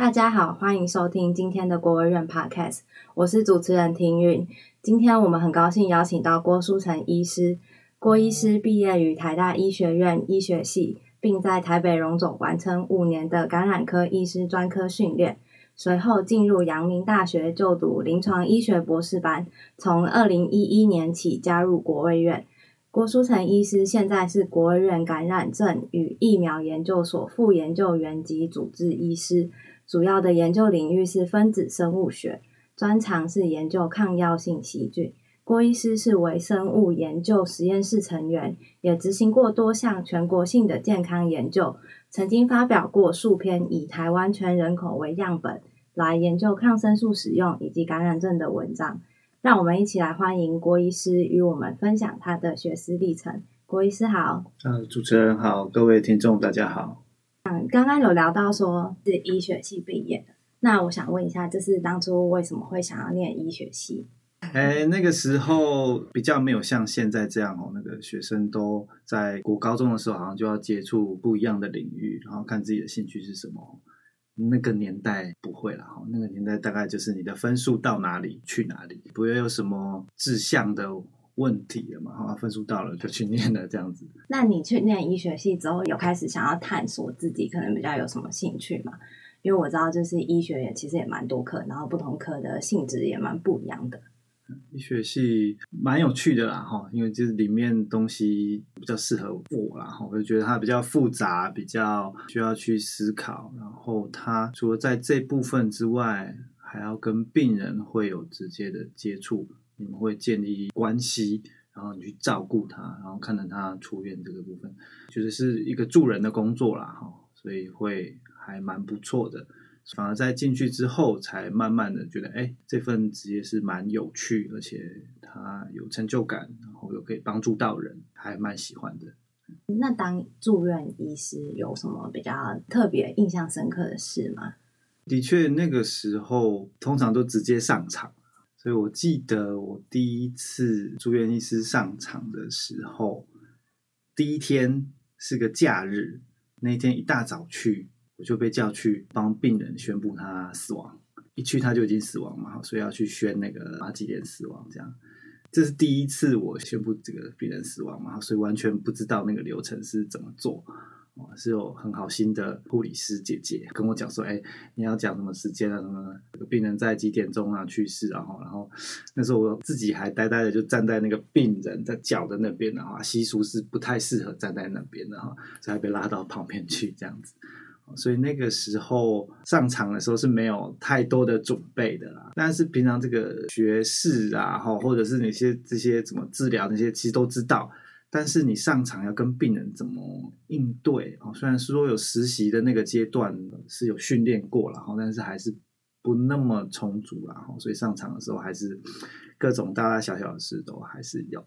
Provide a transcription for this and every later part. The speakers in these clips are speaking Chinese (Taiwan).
大家好，歡迎收聽今天的國衛院 Podcast，我是主持人庭韻。今天我們很高興邀請到郭書辰醫師。郭醫師畢業於台大醫學院醫學系，並在台北榮總完成五年的感染科醫師專科訓練，隨後進入陽明大學就讀臨床醫學博士班。從二零一一年起加入國衛院，郭書辰醫師現在是國衛院感染症與疫苗研究所副研究員級主治醫師。主要的研究領域是分子生物學，專長是研究抗藥性細菌。郭醫師是微生物研究實驗室成員，也執行過多項全國性的健康研究，曾經發表過數篇以台灣全人口為樣本來研究抗生素使用以及感染症的文章。讓我們一起來歡迎郭醫師與我們分享他的學思歷程。郭醫師好。呃，主持人好，各位聽眾大家好。剛剛有聊到說是醫學系畢業的，那我想問一下，就是當初為什麼會想要念醫學系？哎，那個時候比較沒有像現在這樣哦，那個學生都在國高中的時候好像就要接觸不一樣的領域，然後看自己的興趣是什麼。那個年代不會了哈，那個年代大概就是你的分數到哪裡去哪裡，不會有什麼志向的。問題了嘛？哈，分數到了就去念了這樣子。那你去念醫學系之後，有開始想要探索自己可能比較有什麼興趣嗎？因為我知道，就是醫學也其實也蠻多科，然後不同科的性質也蠻不一樣的。醫學系蠻有趣的啦，哈，因為就是裡面東西比較適合我啦，哈，我就覺得它比較複雜，比較需要去思考，然後它除了在這部分之外，還要跟病人會有直接的接觸。你們會建立關係，然後你去照顧他，然後看着他出院這個部分，就是是一個助人的工作啦，哈，所以會還蠻不錯的。反而在進去之後，才慢慢的覺得，哎，這份職業是蠻有趣，而且他有成就感，然後又可以幫助到人，還蠻喜歡的。那當住院醫師有什麼比較特別、印象深刻的事嗎？的確，那個時候通常都直接上場。所以我記得我第一次住院醫師上場的時候，第一天是個假日，那天一大早去，我就被叫去幫病人宣布他死亡。一去他就已經死亡嘛，所以要去宣那個哪幾點死亡這樣。這是第一次我宣布這個病人死亡嘛，所以完全不知道那個流程是怎麼做。是有很好心的護理師姐姐跟我講說，哎、欸，你要講什麼時間啊？什麼這個病人在幾點鐘啊去世啊？然然後那時候我自己還呆呆的就站在那個病人在腳的那邊的話，習俗是不太適合站在那邊的哈，然後所以還被拉到旁邊去這樣子。所以那個時候上場的時候是沒有太多的準備的啦。但是平常這個學士啊，哈，或者是那些這些怎麼治療那些，其實都知道。但是你上場要跟病人怎麼應對啊、哦？雖然說有實習的那個階段是有訓練過了，然後但是還是不那麼充足，然後所以上場的時候還是各種大大小小的事都還是有、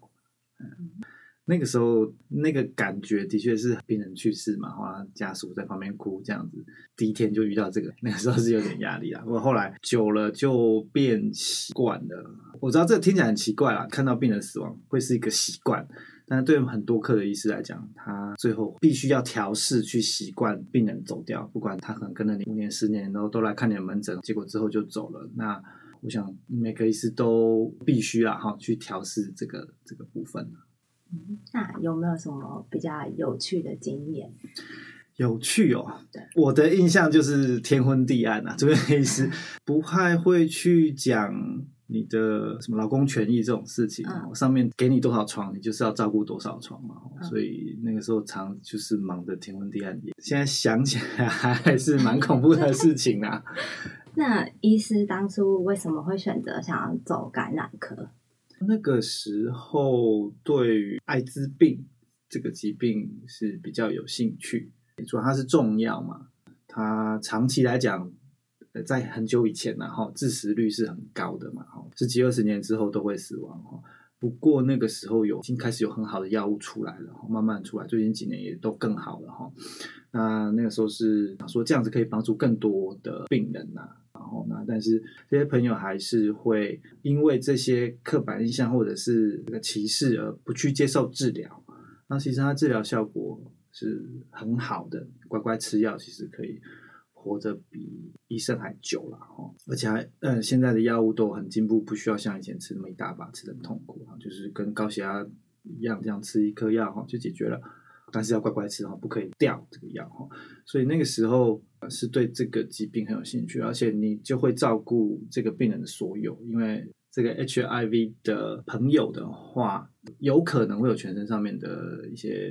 嗯。那個時候那個感覺的確是病人去世嘛，然後他家屬在旁邊哭這樣子，第一天就遇到這個，那個時候是有點壓力啊。不過後來久了就變習慣了。我知道這聽起來很奇怪啦，看到病人死亡會是一個習慣。但是對很多科的醫師來講，他最後必須要調試去習慣病人走掉，不管他可能跟了你五年、十年，然後都來看你的門診，結果之後就走了。那我想每個醫師都必須要，啊，哈，去調試這個這個部分。嗯，那有沒有什麼比較有趣的經驗？有趣哦，對，我的印象就是天昏地暗啊，這個醫師，嗯，不太會去講。你的什麼勞工權益這種事情，嗯、上面給你多少床，你就是要照顧多少床嘛。嗯、所以那個時候常就是忙得天昏地暗的，現在想起來還是蠻恐怖的事情啊。 那醫師當初為什麼會選擇想要走感染科？那個時候對於艾滋病這個疾病是比較有興趣，主要它是重要嘛，它長期來講。在很久以前、啊，然後致死率是很高的嘛，哈，十幾二十年之後都會死亡，哈。不過那個時候有已經開始有很好的藥物出來了，慢慢出來，最近幾年也都更好了，哈。那那個時候是想說這樣子可以幫助更多的病人吶、啊，然後那但是這些朋友還是會因為這些刻板印象或者是個歧視而不去接受治療，那其實它治療效果是很好的，乖乖吃藥其實可以。活着比醫生還久了哈，而且還嗯，現在的藥物都很進步，不需要像以前吃那麼一大把，吃的痛苦，就是跟高血壓一樣，這樣吃一顆藥哈就解決了，但是要乖乖吃哈，不可以掉這個藥哈。所以那個時候是對這個疾病很有興趣，而且你就會照顧這個病人的所有，因為這個 HIV 的朋友的話，有可能會有全身上面的一些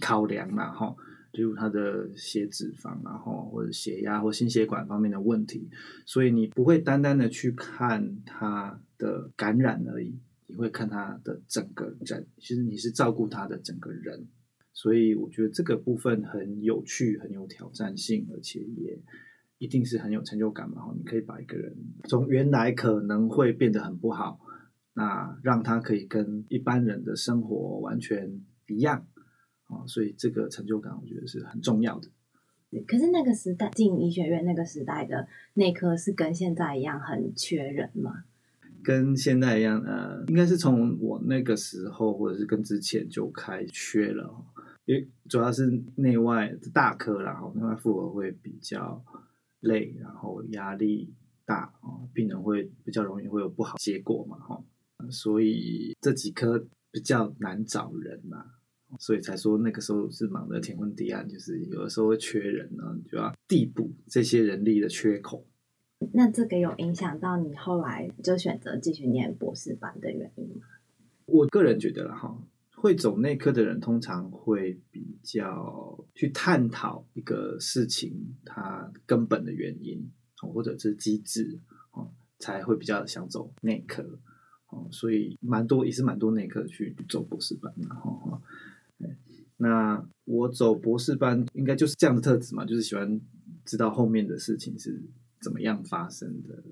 考量嘛哈。例如他的血脂肪，然後或者血壓或心血管方面的問題，所以你不會單單的去看他的感染而已，你會看他的整個人。其實你是照顧他的整個人，所以我覺得這個部分很有趣，很有挑戰性，而且也一定是很有成就感嘛。你可以把一個人從原來可能會變得很不好，那讓他可以跟一般人的生活完全一樣。所以這個成就感我覺得是很重要的。可是那個時代進醫學院，那個時代的內科是跟現在一樣很缺人嗎？跟現在一樣，呃，應該是從我那個時候或者是跟之前就開缺了，因為主要是內外的大科啦，哈，內外複合會比較累，然後壓力大啊，病人會比較容易會有不好結果嘛，所以這幾科比較難找人嘛。所以才說那個時候是忙得天昏地暗，就是有的時候會缺人呢，就要遞補這些人力的缺口。那這個有影響到你後來就選擇繼續念博士班的原因嗎？我個人覺得啦哈，會走內科的人通常會比較去探討一個事情它根本的原因，或者是機制，才會比較想走內科，所以蠻多也是蠻多內科去走博士班。那我走博士班，應該就是這樣的特質嘛，就是喜歡知道後面的事情是怎麼樣發生的，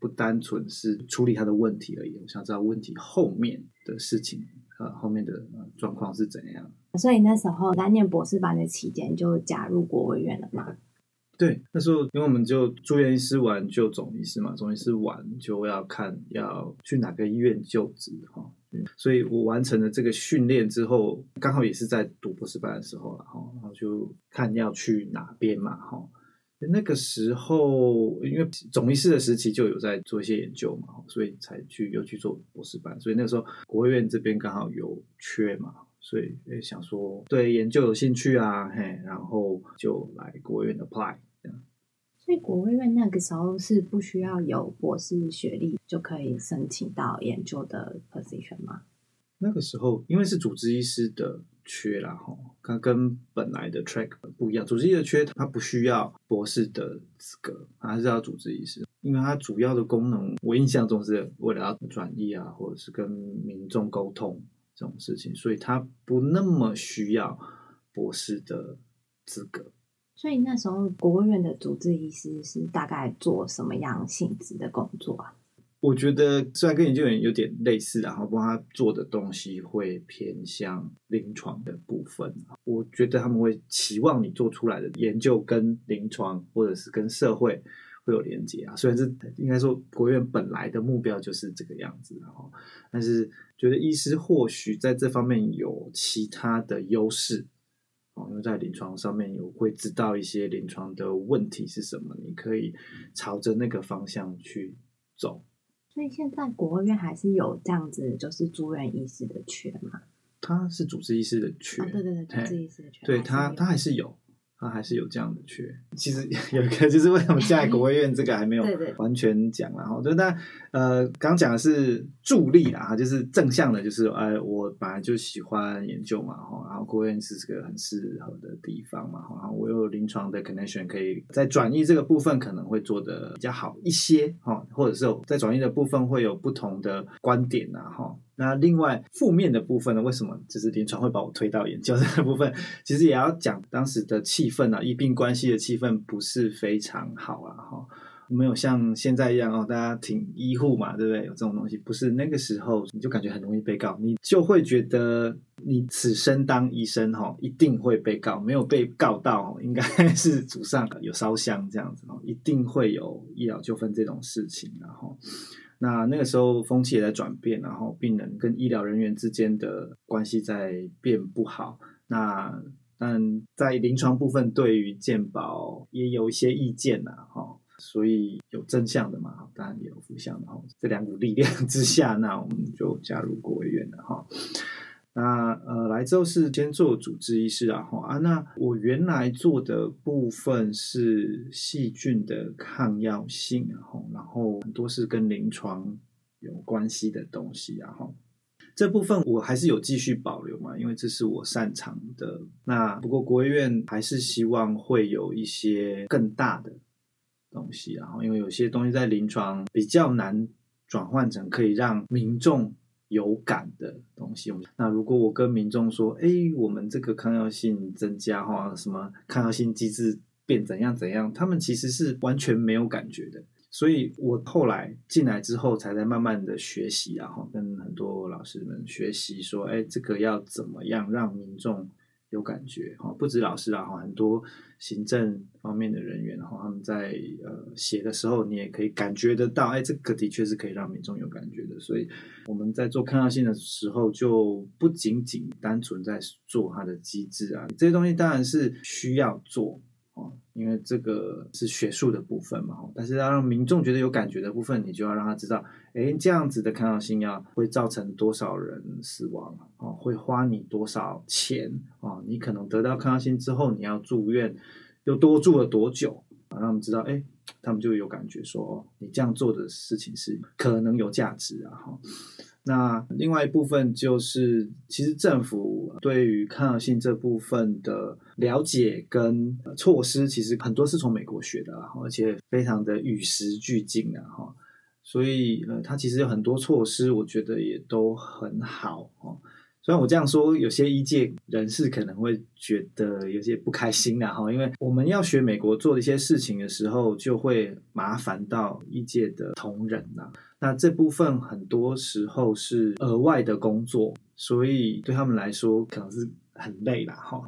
不單純是處理他的問題而已，我想知道問題後面的事情，呃，後面的狀況是怎樣。所以那時候在念博士班的期間，就加入國衛院了嘛？對，那時候因為我們就住院醫師完就總醫師嘛，總醫師完就要看要去哪個醫院就職哈。所以我完成了這個訓練之後，剛好也是在讀博士班的時候了哈，然後就看要去哪邊嘛哈。那個時候因為總醫師的時期就有在做一些研究嘛，所以才去有去做博士班。所以那個時候國衛院這邊剛好有缺嘛，所以想說對研究有興趣啊，嘿，然後就來國衛院 apply。所以，國衛院那個時候是不需要有博士學歷就可以申請到研究的 position 嗎？那個時候，因為是主治醫師的缺啦，哈，它跟本來的 track 不一樣。主治醫的缺，它不需要博士的資格，還是要主治醫師。因為它主要的功能，我印象中是為了要轉譯啊，或者是跟民眾溝通這種事情，所以它不那麼需要博士的資格。所以那時候，國衛院的主治醫師是大概做什麼樣性質的工作啊？我覺得雖然跟研究員有點類似，然後幫他做的東西會偏向臨床的部分。我覺得他們會期望你做出來的研究跟臨床或者是跟社會會有連結啊。雖然是應該說國衛院本來的目標就是這個樣子，然後，但是覺得醫師或許在這方面有其他的優勢。哦，因為在臨床上面有會知道一些臨床的問題是什麼，你可以朝着那個方向去走。所以現在國衛院還是有這樣子，就是住院醫師的缺嘛？他是主治醫師的缺。啊，對對對，主治醫師的缺，對，他他還是有。他還是有這樣的缺，其實有一個就是為什麼現在國衛院這個還沒有完全講了哈，就但呃剛剛講的是助力啦哈，就是正向的，就是哎我本來就喜歡研究嘛哈，然後國衛院是這個很適合的地方嘛哈，然後我有臨床的 connection 可以在轉譯這個部分可能會做得比較好一些哈，或者是有在轉譯的部分會有不同的觀點吶哈。那另外負面的部分呢？為什麼就是臨床會把我推到研究這部分？其實也要講當時的氣氛啊，醫病關係的氣氛不是非常好啊，哈，哦，沒有像現在一樣哦，大家挺醫護嘛，對不對？有這種東西，不是那個時候你就感覺很容易被告，你就會覺得你此生當醫生哈，哦，一定會被告，沒有被告到哦，應該是祖上有燒香這樣子哦，一定會有醫療糾紛這種事情，然後哦。那那個時候風氣也在轉變，然後病人跟醫療人員之間的關係在變不好。那但在臨床部分，對於健保也有一些意見吶，哈、哦。所以有正向的嘛，當然也有負向的哈。然後這兩股力量之下，那我們就加入國衛院了，哈、哦。那呃來之後是先做主治醫師，然後啊，那我原來做的部分是細菌的抗藥性，然後然後很多是跟臨床有關係的東西，然後這部分我還是有繼續保留嘛，因為這是我擅長的。那不過國衛院還是希望會有一些更大的東西，然後因為有些東西在臨床比較難轉換成可以讓民眾。有感的東西，那如果我跟民眾說，哎，我們這個抗藥性增加哈，什麼抗藥性機制變怎樣怎樣，他們其實是完全沒有感覺的。所以我後來進來之後，才在慢慢的學習，然後跟很多老師們學習，說，哎，這個要怎麼樣讓民眾。有感覺哈，不止老師啊，哈，很多行政方面的人員，然後他們在呃寫的時候，你也可以感覺得到，哎、欸，這個的確是可以讓民眾有感覺的。所以我們在做抗藥性的時候，就不僅僅單純在做它的機制啊，這些東西當然是需要做。哦，因為這個是學術的部分嘛，但是要讓民眾覺得有感覺的部分，你就要讓他知道，誒，這樣子的抗藥性藥會造成多少人死亡，哦，會花你多少錢，啊，哦，你可能得到抗藥性之後，你要住院，又多住了多久，啊，讓他們知道，誒，他們就有感覺說，哦，你這樣做的事情是可能有價值啊，哈，哦。那另外一部分就是，其實政府對於抗藥性這部分的了解跟措施，其實很多是從美國學的，而且非常的與時俱進的哈。所以，呃，它其實有很多措施，我覺得也都很好哈。雖然我這樣說，有些醫界人士可能會覺得有些不開心的哈，因為我們要學美國做的一些事情的時候，就會麻煩到醫界的同仁了。那這部分很多時候是額外的工作，所以對他們來說可能是很累的哈。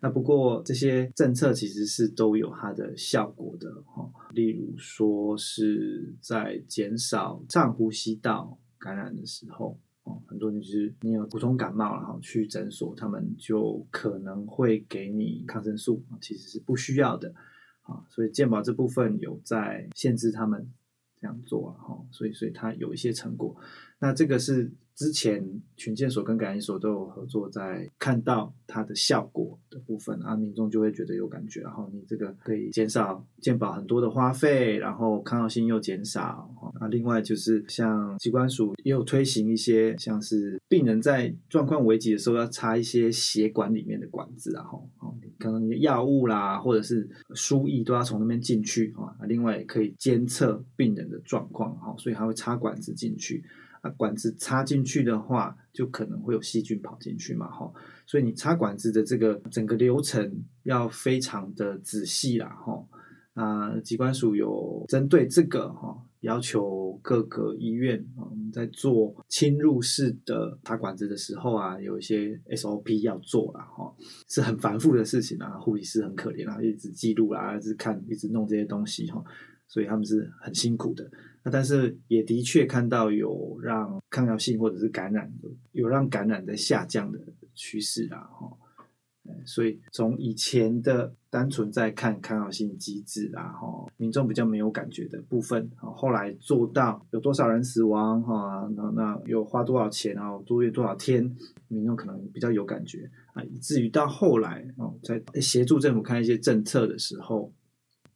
那不過這些政策其實是都有它的效果的哈。例如說是在減少上呼吸道感染的時候，很多就是你有普通感冒然後去診所，他們就可能會給你抗生素，其實是不需要的啊。所以健保這部分有在限制他們。這樣做啊，所以所以它有一些成果，那這個是之前群健所跟感染所都有合作，在看到它的效果的部分，啊，民眾就會覺得有感覺，然後你這個可以減少健保很多的花費，然後抗藥性又減少，啊，另外就是像疾管署也有推行一些，像是病人在狀況危急的時候要插一些血管裡面的管子，啊齁。可能你的藥物啦，或者是輸液都要從那邊進去啊。另外也可以監測病人的狀況哈，所以它會插管子進去那、啊、管子插進去的話，就可能會有細菌跑進去嘛哈。所以你插管子的這個整個流程要非常的仔細啦哈。啊，疾管署有針對這個哈。要求各個醫院啊，我們在做侵入式的打管子的時候啊，有一些 SOP 要做啦。哈，是很繁複的事情啊，護理師很可憐啊，一直記錄啦、啊，一直看，一直弄這些東西哈、啊，所以他們是很辛苦的。那但是也的確看到有讓抗藥性或者是感染，有讓感染在下降的趨勢啦、啊、哈。所以從以前的單純在看抗藥性機制，然後民眾比較沒有感覺的部分，然後後來做到有多少人死亡哈，那那又花多少錢啊，多月多少天，民眾可能比較有感覺啊，以至於到後來哦，在協助政府看一些政策的時候，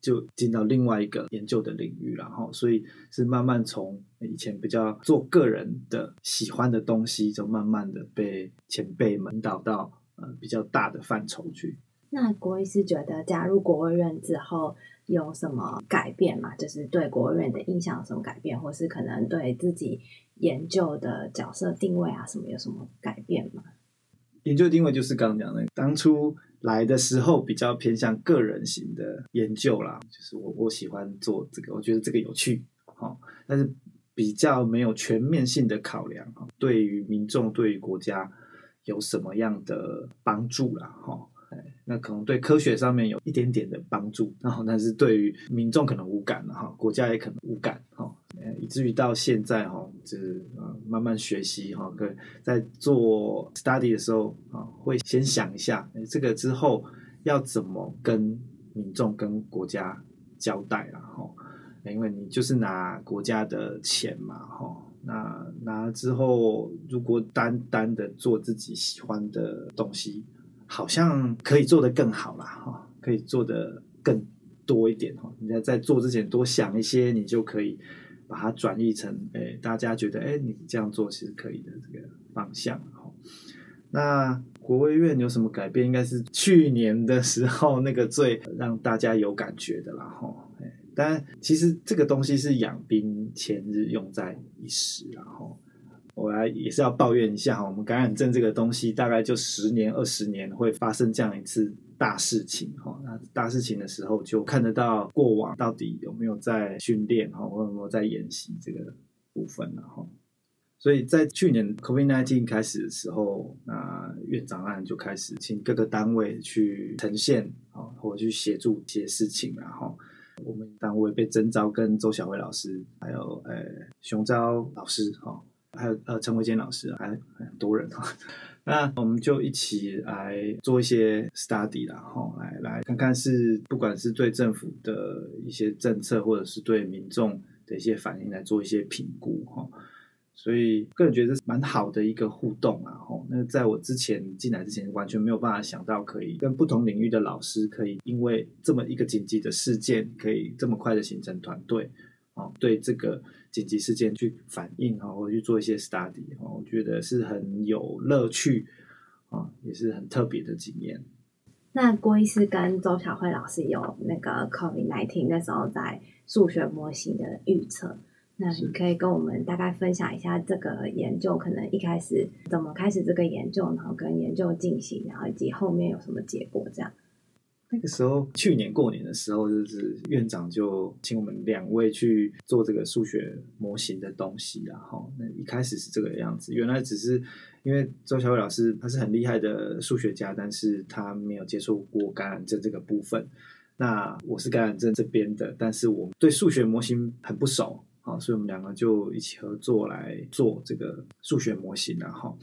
就進到另外一個研究的領域啦，然後所以是慢慢從以前比較做個人的喜歡的東西，就慢慢的被前輩們引導到。呃、比較大的範疇去。那郭醫師覺得加入國衛院之後有什麼改變嗎？就是對國衛院的印象有什麼改變，或是可能對自己研究的角色定位啊什麼有什麼改變嗎？研究定位就是剛剛講的，當初來的時候比較偏向個人型的研究啦，就是我我喜歡做這個，我覺得這個有趣，但是比較沒有全面性的考量，啊對於民眾，對於國家。有什麼樣的幫助啦？哈？欸，那可能對科學上面有一點點的幫助，然後但是對於民眾可能無感了哈，國家也可能無感哈，以至於到現在哈，就是慢慢學習哈，跟在做 study 的時候啊，會先想一下，這個之後要怎麼跟民眾跟國家交代了哈，因為你就是拿國家的錢嘛哈。那拿之後，如果單單的做自己喜歡的東西，好像可以做得更好啦，可以做得更多一點哈。你在在做之前多想一些，你就可以把它轉譯成，哎，大家覺得，哎、欸，你這樣做其實可以的這個方向哈。那國衛院有什麼改變？應該是去年的時候，那個最讓大家有感覺的啦哈。但其實這個東西是養兵千日，用在一時。然後我來也是要抱怨一下，我們感染症這個東西大概就十年、二十年會發生這樣一次大事情。哈，那大事情的時候就看得到過往到底有沒有在訓練，哈，或者有沒有在演習這個部分，所以在去年 COVID-19 開始的時候，那院長案就開始請各個單位去呈現，啊，或者去協助一些事情，然後。我們單位被徵召，跟周小薇老師，還有誒熊昭老師，哈、哦，還有呃陳為堅老師，還，還很多人哈、哦。那我們就一起來做一些 study，然後、哦、來來看看是不管是對政府的一些政策，或者是對民眾的一些反應來做一些評估，哈、哦。所以個人覺得是蠻好的一個互動啊，吼，那在我之前進來之前，完全沒有辦法想到可以跟不同領域的老師可以因為這麼一個緊急的事件，可以這麼快的形成團隊，哦，對這個緊急事件去反應啊，或者去做一些 study 啊，我覺得是很有樂趣，也是很特別的經驗。那郭醫師跟周曉慧老師有那個 COVID nineteen 那時候在數學模型的預測。那你可以跟我們大概分享一下這個研究，是可能一開始怎麼開始這個研究，然後跟研究進行，然後以及後面有什麼結果這樣。那個時候去年過年的時候，就是院長就請我們兩位去做這個數學模型的東西，然後那一開始是這個樣子。原來只是因為周小偉老師他是很厲害的數學家，但是他沒有接觸過感染症這個部分。那我是感染症這邊的，但是我對數學模型很不熟。好，所以我們兩個就一起合作來做這個數學模型，然後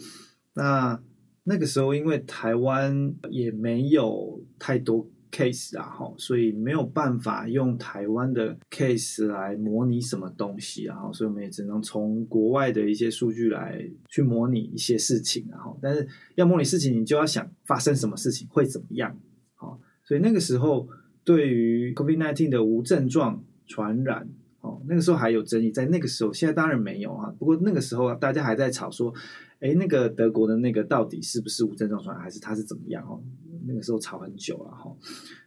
那那個時候因為台灣也沒有太多 case 啊，哈，所以沒有辦法用台灣的 case 來模擬什麼東西啊。所以我們也只能從國外的一些數據來去模擬一些事情。然後，但是要模擬事情，你就要想發生什麼事情會怎麼樣。哈，所以那個時候對於 COVID-19 的無症狀傳染。哦，那個時候還有爭議，在那個時候，現在當然沒有啊。不過那個時候大家還在吵說，哎，那個德國的那個到底是不是無症狀傳染，還是它是怎麼樣？哦，那個時候吵很久了哈。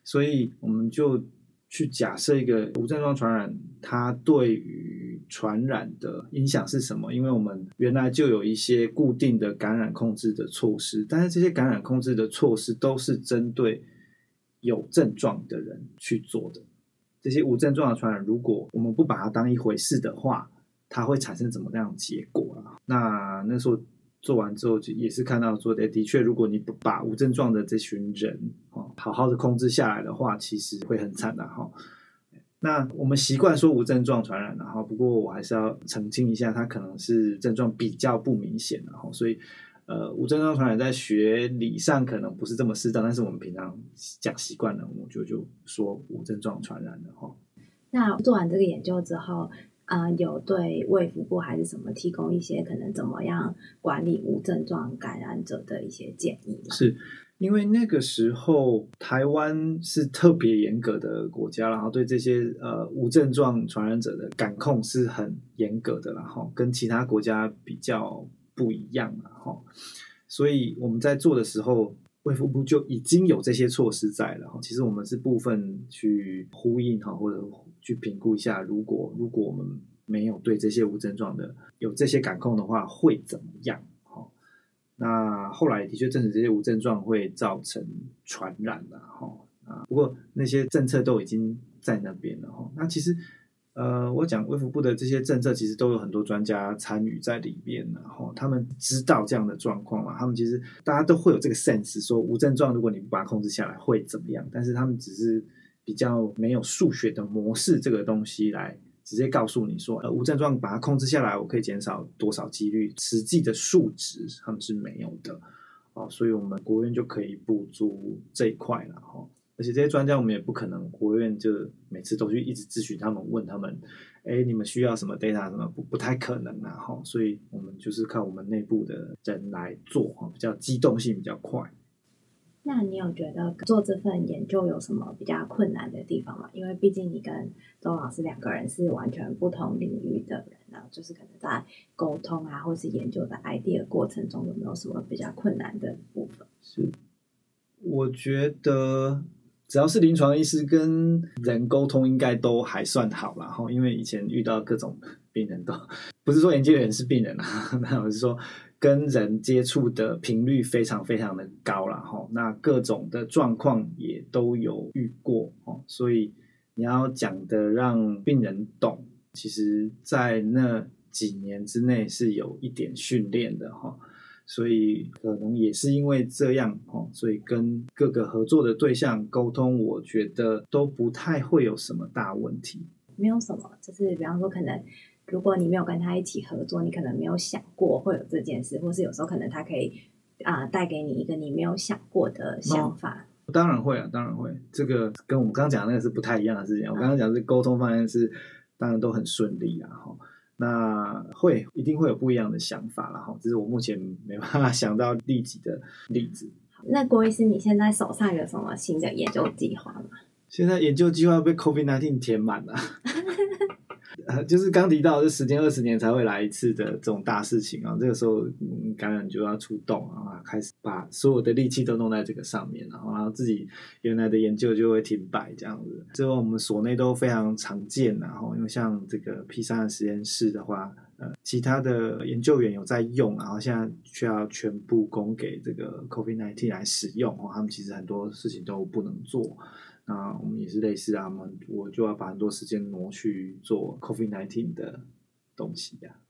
所以我們就去假設一個無症狀傳染，它對於傳染的影響是什麼？因為我們原來就有一些固定的感染控制的措施，但是這些感染控制的措施都是針對有症狀的人去做的。這些無症狀的傳染，如果我們不把它當一回事的話，它會產生怎麼樣的結果啊？那那時候做完之後，就也是看到說的，的確，如果你不把無症狀的這群人啊，好好的控制下來的話，其實會很慘的哈。那我們習慣說無症狀傳染，然後，不過我還是要澄清一下，它可能是症狀比較不明顯的哈，所以。呃，無症狀傳染在學理上可能不是這麼適當，但是我們平常講習慣了，我們就，就說無症狀傳染的哈。那做完這個研究之後，呃，有對衛福部還是什麼提供一些可能怎麼樣管理無症狀感染者的一些建議？是因為那個時候台灣是特別嚴格的國家，然後對這些呃無症狀傳染者的感控是很嚴格的，然後跟其他國家比較。不一樣嘛，哈，所以我們在做的時候，衛福部就已經有這些措施在了。其實我們是部分去呼應哈，或者去評估一下，如果如果我們沒有對這些無症狀的有這些感控的話，會怎麼樣？那後來的確證實這些無症狀會造成傳染了，哈。不過那些政策都已經在那邊了，哈。那其實。呃，我講衛福部的這些政策，其實都有很多專家參與在裡面，然後他們知道這樣的狀況嘛？他們其實大家都會有這個 sense，說無症狀，如果你不把它控制下來，會怎麼樣？但是他們只是比較沒有數學的模式這個東西來直接告訴你說，呃，無症狀把它控制下來，我可以減少多少幾率？實際的數值他們是沒有的，哦，所以我們國衛院就可以補足這一塊了，吼、哦。而且這些專家，我們也不可能國院就每次都去一直諮詢他們，問他們，哎、欸，你們需要什麼 data 什麼，不不太可能然、啊、哈，所以我們就是靠我們內部的人來做，比較機動性比較快。那你有覺得做這份研究有什麼比較困難的地方嗎？因為畢竟你跟周老師兩個人是完全不同領域的人呢，然後就是可能在溝通啊，或是研究的 idea 過程中，有沒有什麼比較困難的部分？是，我覺得。只要是臨床醫師跟人溝通，應該都還算好啦哈。因為以前遇到各種病人，都不是說研究員是病人啊，那我是說跟人接觸的頻率非常非常的高啦哈。那各種的狀況也都有遇過哈，所以你要講的讓病人懂，其實，在那幾年之內是有一點訓練的哈。所以可能也是因為這樣哦，所以跟各個合作的對象溝通，我覺得都不太會有什麼大問題。沒有什麼，就是比方說，可能如果你沒有跟他一起合作，你可能沒有想過會有這件事，或是有時候可能他可以啊、呃、帶給你一個你沒有想過的想法哦。當然會啊，當然會。這個跟我們剛剛講的那個是不太一樣的事情。我剛剛講的是溝通方面是，嗯、當然都很順利啊，那會一定會有不一樣的想法啦。哈，這是我目前沒辦法想到立即的例子。那郭醫師，你現在手上有什麼新的研究計劃嗎？現在研究計劃被 COVID-19 填滿了。 呃，就是剛提到這十年二十年才會來一次的這種大事情啊、哦，這個時候感染就要出動啊，開始把所有的力氣都弄在這個上面，然後然後自己原來的研究就會停擺這樣子。之後我們所內都非常常見，啊，然後因為像這個 P 三實驗室的話，呃，其他的研究員有在用，然後現在需要全部供給這個 COVID-19 來使用，哦，他們其實很多事情都不能做。那我們也是類似啊，我們我就要把很多時間挪去做 COVID-19 的東西呀、啊。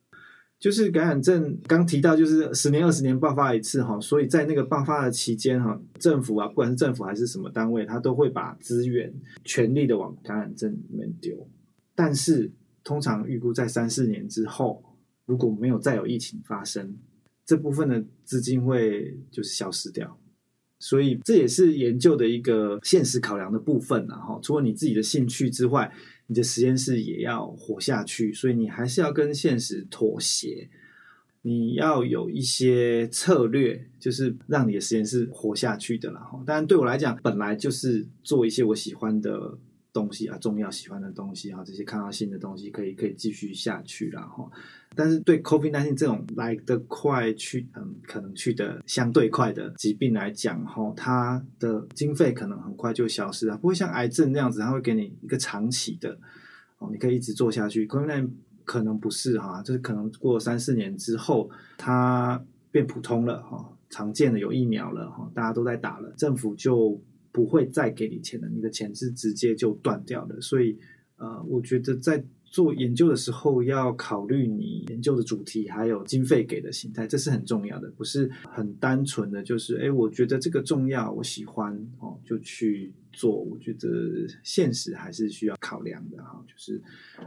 就是感染症剛提到，就是十年、二十年爆發一次哈，所以在那個爆發的期間哈，政府啊，不管是政府還是什麼單位，他都會把資源、全力的往感染症裡面丟。但是通常預估在三四年之後，如果沒有再有疫情發生，這部分的資金會就是消失掉。所以這也是研究的一個現實考量的部分，然後除了你自己的興趣之外，你的實驗室也要活下去，所以你還是要跟現實妥協。你要有一些策略，就是讓你的實驗室活下去的，然後當然，對我來講，本來就是做一些我喜歡的。東西啊，重要，喜歡的東西啊，這些看到新的東西可以可以繼續下去了哈、哦。但是對 COVID-19 這種來得快去嗯可能去得相對快的疾病來講哈、哦，它的經費可能很快就消失了，它不會像癌症那樣子，它會給你一個長期的哦，你可以一直做下去。COVID-19 可能不是哈、哦，就是可能過三四年之後它變普通了哈、哦，常見的有疫苗了哈、哦，大家都在打了，政府就。不會再給你錢了，你的錢是直接就斷掉了。所以，呃，我覺得在做研究的時候要考慮你研究的主題，還有經費給的形態，這是很重要的。不是很單純的就是，哎，我覺得這個重要，我喜歡哦，就去做。我覺得現實還是需要考量的哈、哦，就是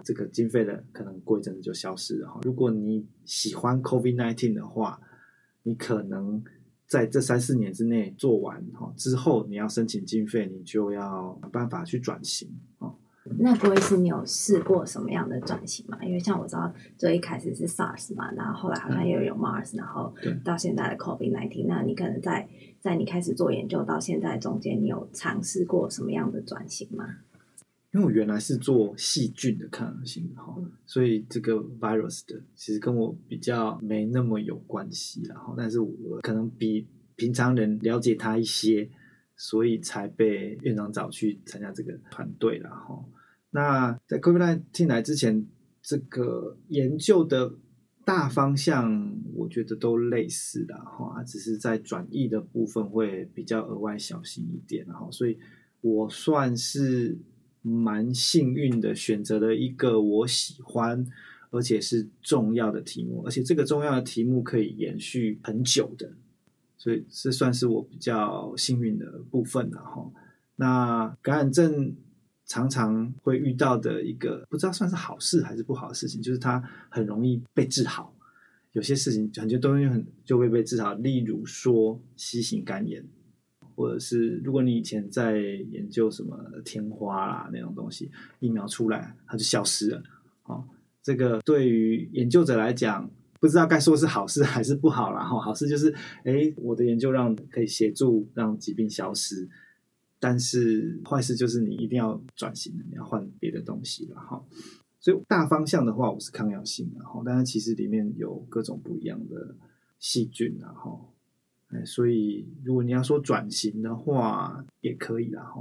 這個經費的可能過一陣子就消失了哈、哦。如果你喜歡 COVID-19 的話，你可能。在這三四年之內做完哈，之後你要申請經費，你就要想辦法去轉型哦。那郭醫師，你有試過什麼樣的轉型嗎？因為像我知道最一開始是 SARS 嘛，然後後來好像又有 MARS，嗯、然後到現在的 COVID-19，對那你可能在在你開始做研究到現在中間，你有嘗試過什麼樣的轉型嗎？因為我原來是做細菌的抗性，所以這個 virus 的其實跟我比較沒那麼有關係，然後但是我可能比平常人了解他一些，所以才被院長找去參加這個團隊了。那在 COVID-19 來之前，這個研究的大方向我覺得都類似的哈，只是在轉譯的部分會比較額外小心一點，然後所以我算是。蠻幸運的選擇了一個我喜歡，而且是重要的題目，而且這個重要的題目可以延續很久的，所以這算是我比較幸運的部分了哈。那感染症常常會遇到的一個不知道算是好事還是不好的事情，就是它很容易被治好。有些事情，很多東西很就會被治好，例如說 C 型肝炎。或者是，如果你以前在研究什麼天花啦那種東西，疫苗出來，它就消失了，哦。這個對於研究者來講，不知道該說是好事還是不好啦。哦，然後好事就是，誒，我的研究讓可以協助讓疾病消失，但是壞事就是你一定要轉型，你要換別的東西了。哈，哦，所以大方向的話，我是抗藥性的。然後但是其實裡面有各種不一樣的細菌啦。哦，然後。所以如果你要說轉型的話，也可以啦，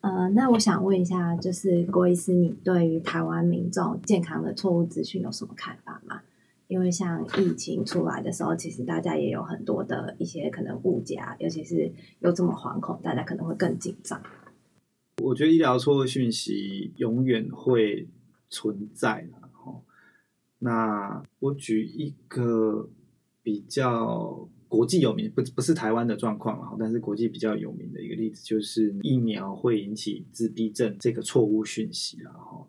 呃，那我想問一下，就是郭醫師，你對於台灣民眾健康的錯誤資訊有什麼看法嗎？因為像疫情出來的時候，其實大家也有很多的一些可能誤解啊，尤其是又這麼惶恐，大家可能會更緊張。我覺得醫療錯誤訊息永遠會存在啦，那我舉一個比較。國際有名，不不是台灣的狀況了，然後但是國際比較有名的一個例子就是疫苗會引起自閉症這個錯誤訊息，然後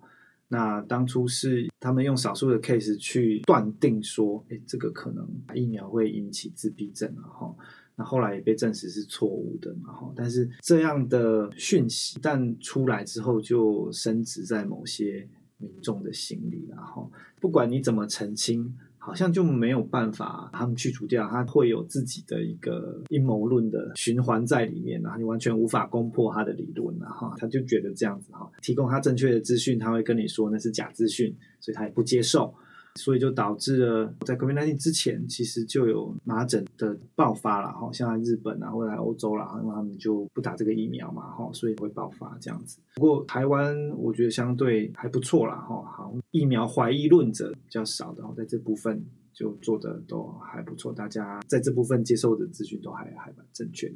那當初是他們用少數的 case 去斷定說，哎，這個可能疫苗會引起自閉症，然後那後來也被證實是錯誤的然哈，但是這樣的訊息但出來之後就深植在某些民眾的心裡，然後不管你怎麼澄清，好像就沒有辦法，把他們去除掉，他會有自己的一個陰謀論的循環在裡面，然後你完全無法攻破他的理論，然後他就覺得這樣子哈，提供他正確的資訊，他會跟你說那是假資訊，所以他也不接受。所以就導致了在 COVID-19 之前，其實就有麻疹的爆發了哈，像在日本啊，或者在歐洲啦，然後他們就不打這個疫苗嘛哈，所以會爆發這樣子。不過台灣我覺得相對還不錯啦哈，好疫苗懷疑論者比較少的，然後在這部分就做的都還不錯，大家在這部分接受的資訊都還還蠻正確的。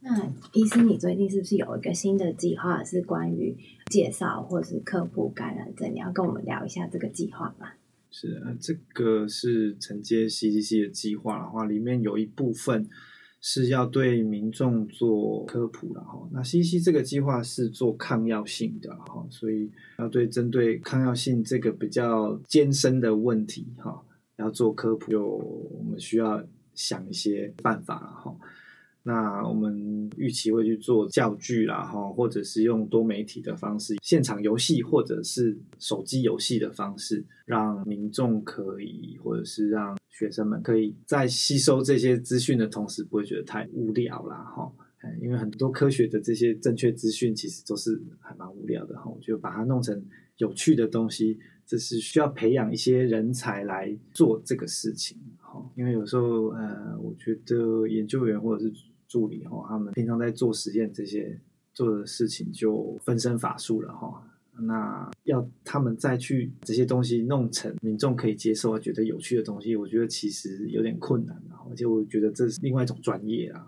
那醫師，你最近是不是有一個新的計劃是關於介紹或者是科普感染症？你要跟我們聊一下這個計劃吧。是啊，這個是承接 C C C 的計劃，然後裡面有一部分是要對民眾做科普，然後那 C C C 這個計劃是做抗藥性的哈，所以要對針對抗藥性這個比較艱深的問題哈，要做科普，就我們需要想一些辦法了哈。那我們預期會去做教具啦，哈，或者是用多媒體的方式，現場遊戲或者是手機遊戲的方式，讓民眾可以，或者是讓學生們可以在吸收這些資訊的同時，不會覺得太無聊啦，哈。因為很多科學的這些正確資訊其實都是還蠻無聊的，哈。就把它弄成有趣的東西，這是需要培養一些人才來做這個事情，哈。因為有時候，呃，我覺得研究員或者是助理，哈，他們平常在做實驗這些做的事情就分身乏術了哈。那要他們再去這些東西弄成民眾可以接受、覺得有趣的東西，我覺得其實有點困難。而且我覺得這是另外一種專業啊，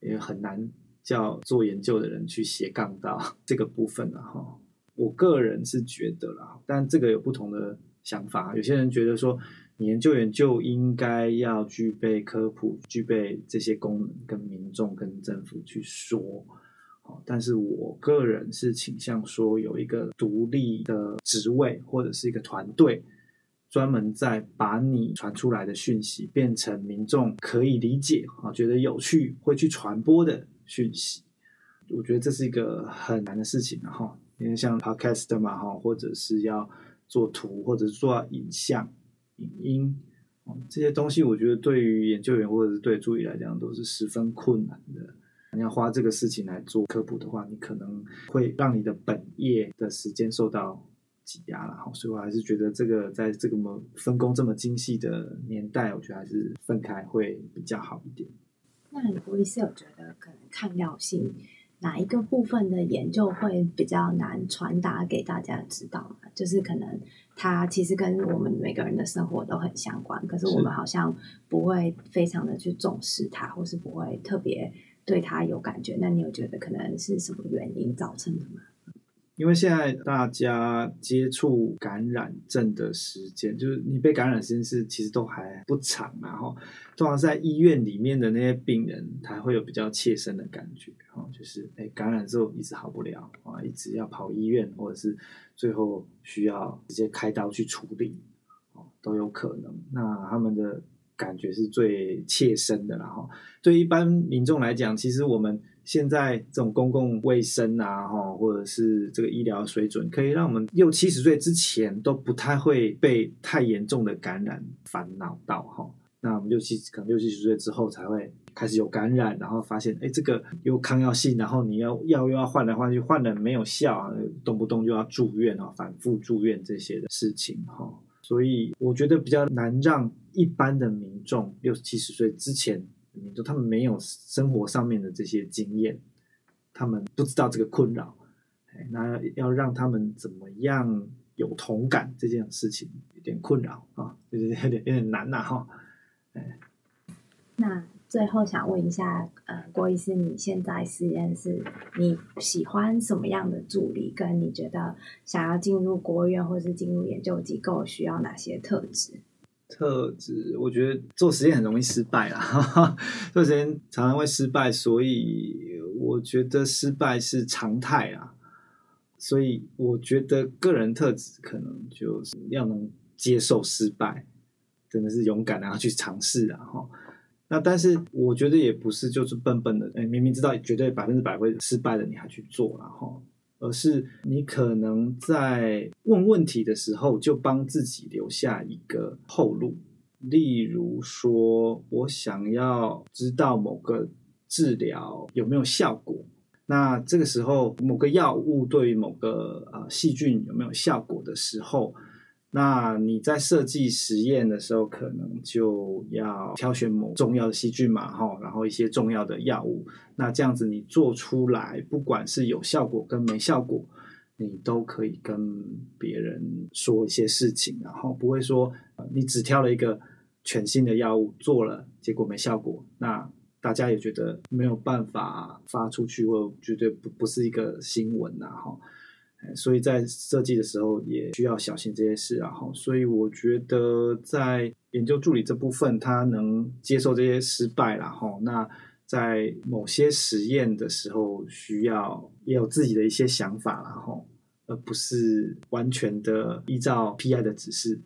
也很難叫做研究的人去斜槓到這個部分了。哈。我個人是覺得啦，但這個有不同的想法，有些人覺得說。研究員就應該要具備科普、具備這些功能，跟民眾、跟政府去說。但是我個人是傾向說，有一個獨立的職位或者是一個團隊，專門在把你傳出來的訊息變成民眾可以理解、啊，覺得有趣、會去傳播的訊息。我覺得這是一個很難的事情，哈，因為像 Podcast 嘛，哈，或者是要做圖，或者是做影像。因這些東西我覺得對於研究員或者是對助理來講都是十分困難的。你要花這個事情來做科普的話，你可能會讓你的本業的時間受到擠壓了。所以我還是覺得這個在這個麼分工這麼精細的年代，我覺得還是分開會比較好一點。那博士有覺得可能抗藥性哪一個部分的研究會比較難傳達給大家知道，就是可能。它其實跟我們每個人的生活都很相關，可是我們好像不會非常的去重視它，是。或是不會特別對它有感覺。那你有覺得可能是什麼原因造成的嗎？因為現在大家接觸感染症的時間，就是你被感染的時間是其實都還不長嘛，然後通常在醫院裡面的那些病人，才會有比較切身的感覺，哈，就是感染之後一直好不了啊，一直要跑醫院，或者是最後需要直接開刀去處理，哦都有可能，那他們的感覺是最切身的啦，然後對一般民眾來講，其實我們。現在這種公共衛生啊，哈，或者是這個醫療水準，可以讓我們六七十歲之前都不太會被太嚴重的感染煩惱到，哈。那我們六七可能六七十歲之後才會開始有感染，然後發現，哎，這個有抗藥性，然後你要藥又要換來換去，換了沒有效啊，動不動就要住院啊，反覆住院這些的事情，哈。所以我覺得比較難讓一般的民眾六七十歲之前。你說他們沒有生活上面的這些經驗，他們不知道這個困擾，那要讓他們怎麼樣有同感這件事情，有點困擾啊，就是有點有點難吶、啊，哈，那最後想問一下，郭醫師，你現在實驗室，你喜歡什麼樣的助理？跟你覺得想要進入國衛院或是進入研究機構需要哪些特質？特質，我覺得做實驗很容易失敗啦，呵呵，做實驗常常會失敗，所以我覺得失敗是常態啊。所以我覺得個人特質可能就是要能接受失敗，真的是勇敢然後去嘗試啊哈。那但是我覺得也不是就是笨笨的、欸，明明知道絕對百分之百會失敗的你還去做然後。而是你可能在問問題的時候，就幫自己留下一個後路。例如說，我想要知道某個治療有沒有效果，那這個時候某個藥物對於某個啊、呃、細菌有沒有效果的時候。那你在設計實驗的時候，可能就要挑選某重要的細菌嘛，哈，然後一些重要的藥物。那這樣子你做出來，不管是有效果跟沒效果，你都可以跟別人說一些事情，然後不會說你只挑了一個全新的藥物做了，結果沒效果，那大家也覺得沒有辦法發出去，或絕對不不是一個新聞吶，哈。所以在設計的時候也需要小心這些事，然後，所以我覺得在研究助理這部分，他能接受這些失敗，然後，那在某些實驗的時候需要也有自己的一些想法，然後，而不是完全的依照 PI 的指示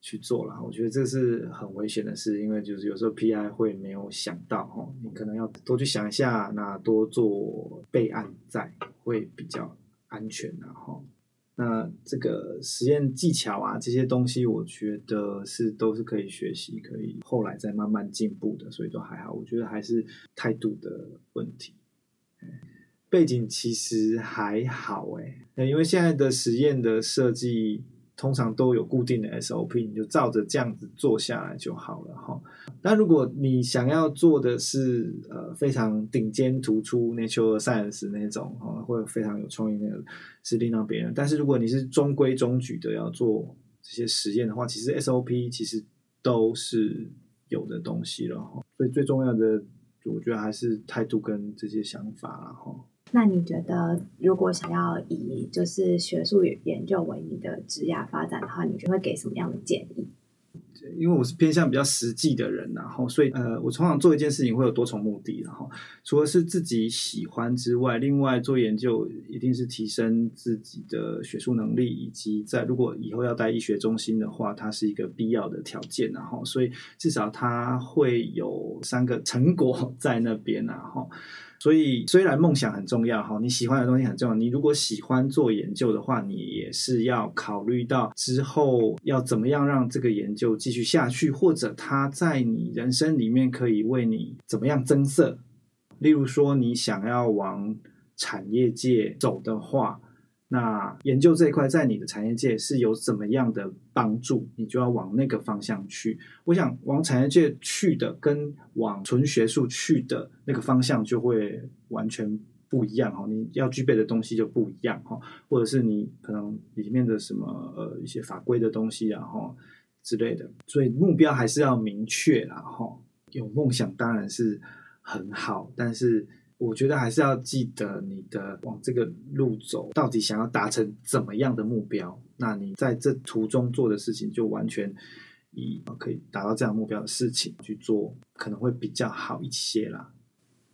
去做啦，我覺得這是很危險的事，因為就是有時候 PI 會沒有想到，吼，你可能要多去想一下，那多做備案在會比較，安全啊，然後那這個實驗技巧啊，這些東西我覺得是都是可以學習，可以後來再慢慢進步的，所以都還好。我覺得還是態度的問題，背景其實還好哎欸，因為現在的實驗的設計。通常都有固定的 SOP，你就照着這樣子做下來就好了哈。那如果你想要做的是呃非常頂尖突出 Nature、Science 那種哈，會非常有創意那個，是令到別人。但是如果你是中規中矩的要做這些實驗的話，其實 SOP 其實都是有的東西了哈。所以最重要的，我覺得還是態度跟這些想法了哈。那你覺得，如果想要以就是學術研究為你的職業發展的話，你就會給什麼樣的建議？因為我是偏向比較實際的人，啊，然後所以呃，我通常做一件事情會有多重目的，然後除了是自己喜歡之外，另外做研究一定是提升自己的學術能力，以及在如果以後要帶醫學中心的話，它是一個必要的條件，啊，然後所以至少它會有三個成果在那邊然後啊。所以，雖然夢想很重要哈，你喜歡的東西很重要。你如果喜歡做研究的話，你也是要考慮到之後要怎麼樣讓這個研究繼續下去，或者它在你人生裡面可以為你怎麼樣增色。例如說，你想要往產業界走的話。那研究這一塊在你的產業界是有怎麼樣的幫助，你就要往那個方向去。我想往產業界去的跟往純學術去的那個方向就會完全不一樣哈，你要具備的東西就不一樣哈，或者是你可能裡面的什麼呃，一些法規的東西然後之類的，所以目標還是要明確，然後有夢想當然是很好，但是。我覺得還是要記得你的往這個路走，到底想要達成怎麼樣的目標，那你在這途中做的事情就完全以可以達到這樣的目標的事情去做，可能會比較好一些啦。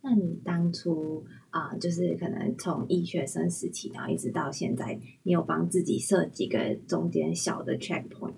那你當初啊、呃，就是可能從醫學生時期，然後一直到現在，你有幫自己設幾個中間小的 check point？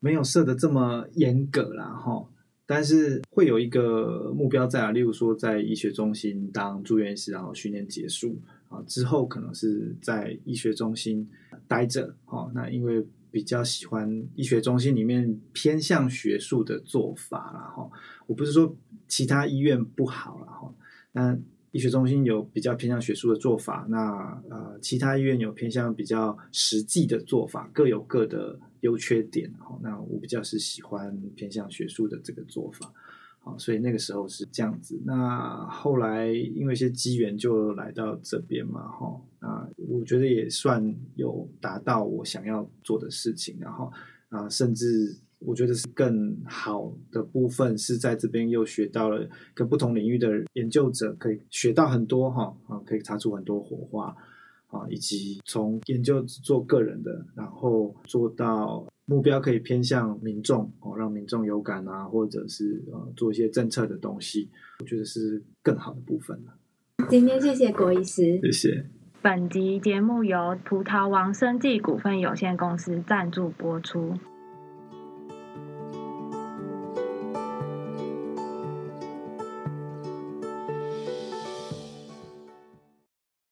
沒有設得這麼嚴格啦，哈。但是會有一個目標在啊，例如說在醫學中心當住院醫師，然後訓練結束啊之後，可能是在醫學中心待着啊。那因為比較喜歡醫學中心裡面偏向學術的做法，然後我不是說其他醫院不好，然後那。醫學中心有比較偏向學術的做法，那呃，其他醫院有偏向比較實際的做法，各有各的優缺點，哦，那我比較是喜歡偏向學術的這個做法，好，哦，所以那個時候是這樣子。那後來因為一些機緣就來到這邊嘛，哈，哦，啊，我覺得也算有達到我想要做的事情，然後啊，呃，甚至。我覺得是更好的部分，是在這邊又學到了跟不同領域的研究者可以學到很多哈啊，可以擦出很多火花啊，以及從研究做個人的，然後做到目標可以偏向民眾哦，讓民眾有感啊，或者是做一些政策的東西，我覺得是更好的部分了。今天謝謝郭醫師，謝謝。本集節目由葡萄王生技股份有限公司贊助播出。